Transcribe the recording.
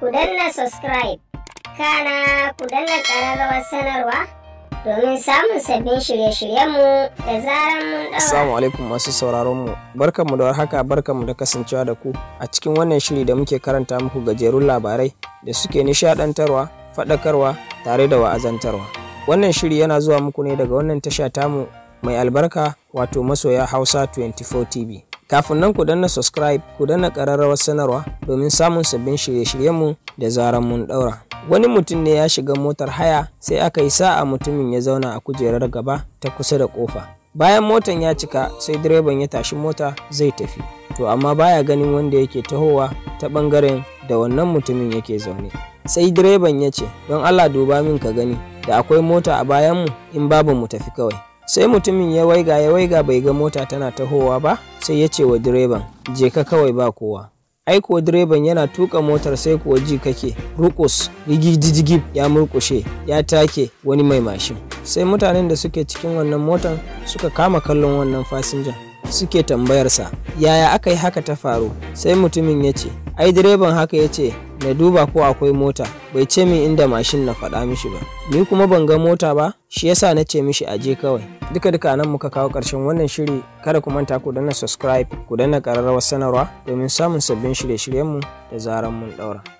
ku danna subscribe kana ku danna sanarwa domin samun sabbin shirye-shiryenmu da zarar mun dawo. Assalamu alaikum masu sauraronmu, barkanmu da warhaka barkanmu da kasancewa da ku a cikin wannan shiri da muke karanta muku gajerun labarai da suke nishadantarwa fadakarwa tare da wa'azantarwa. Wannan shiri yana zuwa muku ne daga wannan tasha tamu mai albarka wato masoya Hausa 24 TV. Kafin nan ku danna subscribe ku danna ƙararrawar sanarwa domin samun sabbin shirye-shiryenmu da zaran mun ɗaura. Wani mutum ne ya shiga motar haya sai aka yi sa'a mutumin ya zauna a kujerar gaba ta kusa da kofa Bayan motan ya cika sai direban ya tashi mota zai tafi. To amma baya ganin wanda yake tahowa ta ɓangaren da wannan mutumin yake zaune. Sai direban ya ce, don Allah duba min ka gani da akwai mota a bayanmu in babu mu tafi kawai. sai mutumin ya waiga ya waiga bai ga mota tana tahowa ba sai ya ce wa direban je ka kawai ba kowa ai kuwa direban yana tuka motar sai kuwa ji kake rukus rigijijigib ya murkushe ya take wani mai mashin sai mutanen da suke cikin wannan motar suka kama kallon wannan fasinjan suke tambayarsa yaya aka yi haka ta faru sai mutumin ya ce ai direban haka ya ce na duba ko akwai mota bai ce min inda mashin na faɗa mishi ba ni kuma ban ga mota ba shi yasa na ce mishi aje kawai duka duka nan muka kawo ƙarshen wannan shiri kada ku manta ku danna subscribe ku danna ƙararrawar sanarwa domin samun sabbin shirye-shiryenmu da zaran mun ɗaura